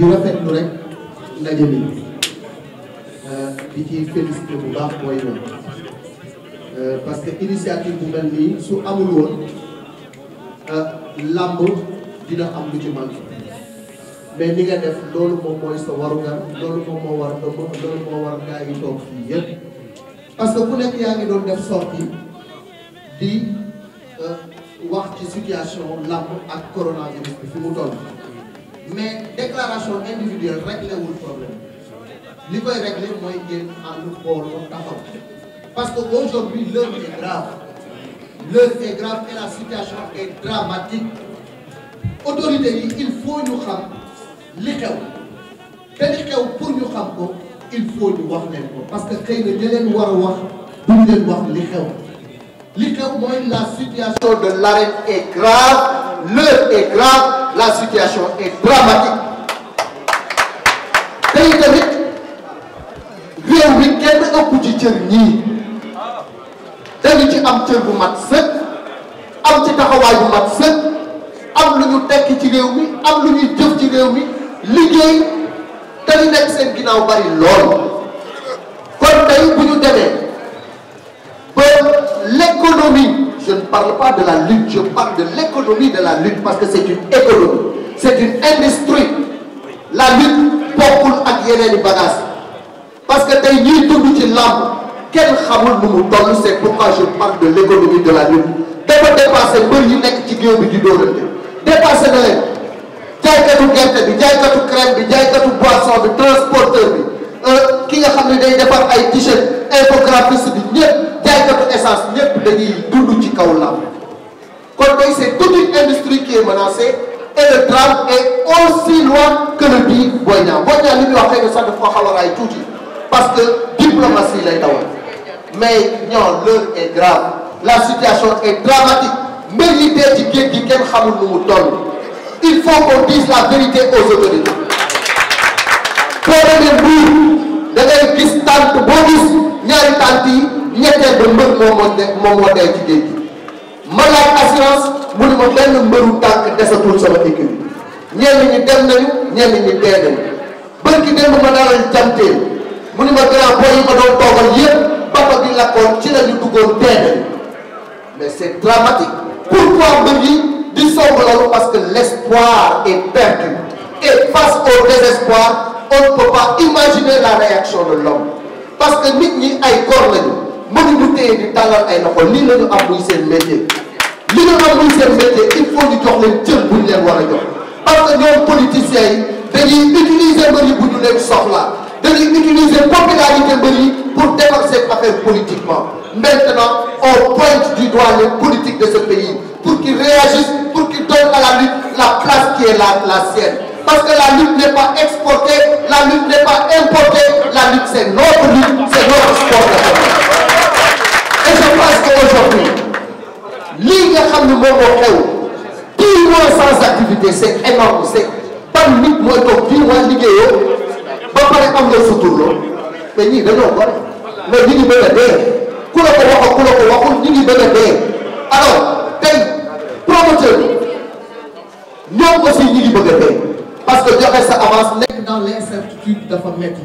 di rafetlu rek ndaje bi euh, di ci félicité bu baax mooy ñoom euh, parce que initiative bu mel nii su amul woon euh, làmb dina am lu ci man mais li nga def loolu moom mooy sa warugar loolu moom moo war ëmb loolu moo war gaa yi toog fii parce que ku nekk yaa ngi doon def sortie di wax ci situation làmb ak coronavirus bi fi mu toll mais déclaration individuelle réglé problème li koy réglé mooy ngeen ànd parce que aujourd'hui l'heure est grave l'heure est grave et la situation est dramatique autorité yi il faut ñu xam li xew te xew pour ñu xam ko il faut ñu wax leen ko parce que xëy na ñu leen war a wax leen wax li xew li xew mooy la situation de l'arène est grave l'heure est grave la situation est dramatique tey tamit réew mi kenn ëpp ci cër ñii dañu ci am cër bu mat sëkk am ci taxawaay bu mat am lu ñu tekk ci réew mi am lu ñuy jëf ci réew mi liggéey te li nekk seen ginnaaw bari lool kon tey bu ñu demee je ne parle pas de la lutte, je parle de l'économie de la lutte parce que c'est une économie, c'est une industrie. La lutte bokkul ak yeneen i bagages parce que tey ñuy dugg ci làmb kenn xamul nu mu toll c'est pourquoi je parle de l'économie de la lutte dafa dépassé mbër yi nekk ci géew bi di dóorante dépassé na leen jaaykatu gerte bi jaaykatu crème bi jaaykatu boisson bi transporteur bi euh, ki nga xam ne day defar ay t-shirt infographiste bi ñëpp jaaykatu essence dañuy dund ci kaw làmb kon tey c'est industrie qui est menacée et le drame est aussi loin que le Boy Niang Boy Niang li ñu wax rek sax daf ko xaw a tuuti parce que diplomatie lay dawal mais ñoo l'heure est grave la situation est dramatique militaire ci géej gi kenn xamul nu mu toll il faut qu'on dise la vérité aux autorités problème bi da gis tànt boo gis ñaari tànt yi ñetteel ba mbër moom moo de moom moo dee ci géej gi ma laaj assurance mu ne ma benn mbëru tànk desatul sama équipe ñenn ñi dem nañu ñenn ñi dee nañu bërki démb ma dalal jantee mu ne ma grand boy yi ma doon toogal yëpp bappa bi lakkoon ci la ñu duggoon dee nañu mais c' est dramatique pourquoi mbër yi di somb loolu parce que l' espoir est perdu et face au désespoir on ne peut pas imaginer la réaction de l'homme parce que nit ñi ay góor lañu mënuñu téye di tàllal ay loxo lii la ñu am muy seen métier li ñu am muy seen métier il faut ñu jox leen cër bu ñu leen war a jox parce que ñoom politiciens yi dañuy utiliser mbër yi bu ñu leen soxla dañuy utiliser popularité mbër yi pour defar seen affaire politiquement maintenant on pointe du doigt les de ce pays pour qu'ils réagissent pour qu'ils donnent à la lutte la place qui est la la sienne parce que la lutte n'est pas exportée la lutte n'est pas importée la lutte c'est notre lutte c'est notre sport parce qu'aujourd'hui lii nga xam ne moom moo xew dix mois sans activité c' est énorme c' est nit mooy toog dix mois liggéeyoo ba pare am nga suturloo mais ñii dañoo war mais ñu ngi bëgg dee ku la ko wax ku la ko waxul ñu ngi bëgg dee alors tey promoteur bi ñoom aussi ñu ngi bëgg dee parce que joxe sa avance nekk dans l' incertitude dafa métti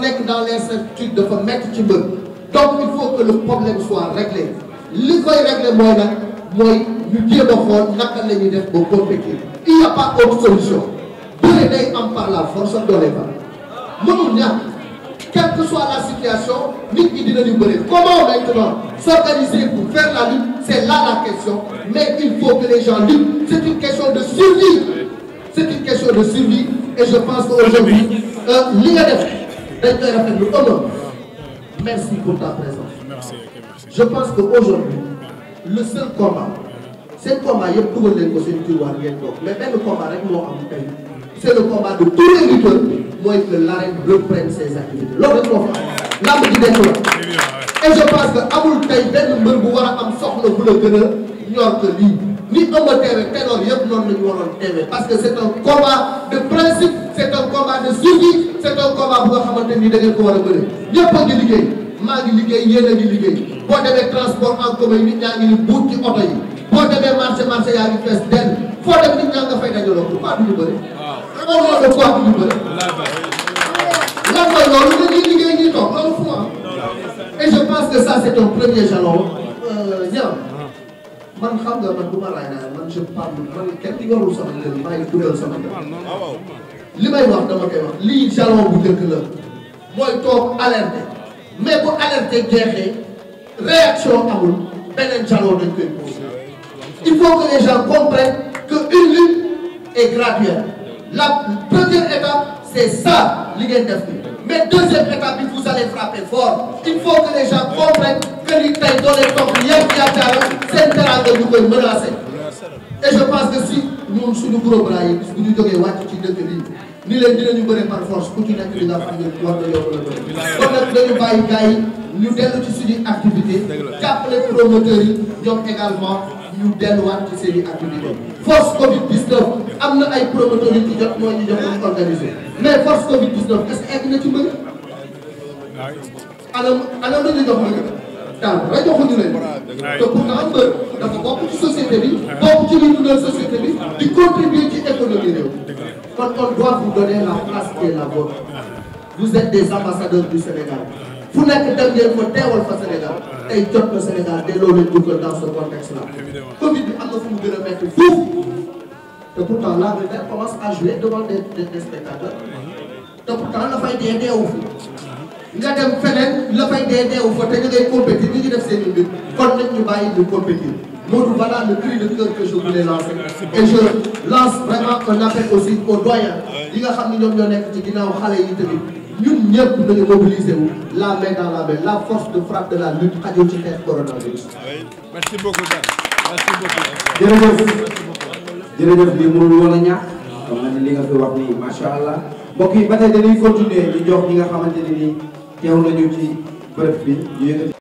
nekk dans l' incertitude dafa métti ci mbër donc il faut que le problème soit réglé li koy réglé mooy nag mooy ñu jéem a xool naka la ñuy def ba compétir il y a pas autre solution bëri day am par la force doole ba mënul ñàkk quelle que soit la situation nit ñi dinañu bëri comment maintenant s'organiser pour faire la lutte c'est là la question mais il faut que les gens luttent c'est une question de survie c'est une question de survie et je pense qu'aujourd'hui euh, li nga def dañ koy rafetlu merci pour ta je pense que aujourd'hui le seul combat seen combat yëpp dugal leen ko seen tiroir ngeen toog mais benn am tey c'est le combat de tous les lutteurs mooy que l'arène reprenne ses activités loolu rek moo fa la et je pense que amul tey benn mbër bu war a am soxla bu la gën a ñor que lii ni ëmb teewe teloor yëpp noonu la ñu waroon teewe parce que c'est de principe c'est un combat de survie c'est un combat bu nga xamante ni da ngeen ko war a bëre ñëpp a maa ngi liggéey yéen a ngi liggéey boo demee transport en commun nit ñaa ngi ni buut ci oto yi boo demee marché marché yaa ngi fees dell foo dem nit ñaa nga fay dajaloo pourquoi du ñu bëri. waaw loolu la pourquoi du ñu bëri. lan mooy loolu dañuy liggéey ñuy toog loolu fu am et je pense que ça c'est un premier jalon ñaar euh, man xam nga man bu ma laaj daal man je parle man kenn yorul sama kër maa ngi dugal sama kër ah, li may wax dama koy wax lii jalon bu njëkk la mooy toog alerter. mais bu alerte jeexee réaction amul beneen jaloo dañ koy posé il faut que les gens comprennent que une lutte est graduelle la première étape c'est ça li ngeen def mais deuxième étape il faut que les gens comprennent que li tey doo leen topp yëpp yaakaar seen teranga ñu koy menacé et je pense que si ñun suñu groupe la yi bu ñu ni leen dinañu bëre par force ku ci nekk li nga xam ne war na yokk la bëri kon nag dañu bàyyi gars ñu dellu ci suñuy activité jàppale promoteurs yi ñoom également ñu delluwaat ci seen i activité force covid 19 am na ay promoteurs yu ci jot mooy ñu jotoon organisé mais force covid 19 est ce que egg na ci mbëri anam anam dañu jox mbëri daal rajo xuñu leen te pourtant mbër dafa bokk ci société bi bokk ci li société bi di contribuer ci économie Quand on doit vous donner la place qui la vôtre vous des ambassadeurs du Sénégal fu nekk dem ngeen fa teewal fa Sénégal tey jot na Sénégal delloo leen dugal dans ce contexte là. Covid bi am na fu mu gën a métti fuuf te pourtant l'Angleterre commence à jouer devant des des spectateurs te pourtant la fay dee deewu fi nga dem feneen la fay dee deewu fa te ñu ngay compétir ñu ngi def seen i kon nañ ñu bàyyi ñu compétir. Modou, voilà le cri de cœur que je voulais lancer. Et je lance vraiment un appel aussi aux doyens. yi nga xam ni ñoom ñoo nekk ci ginnaaw xale yi tamit ñun ñëpp nañu mobiliser wu la main dans la main la force de frappe de la lutte xajul ci xeex coronavirus. merci beaucoup merci beaucoup. jërëjëf jërëjëf lii mënul woon a ñàkk. xam na ni li nga fi wax nii macha allah. mbokk yi ba tey dañuy continuer di jox ñi nga xamante ne nii teew nañu ci bërëb bi ñu yëkkati.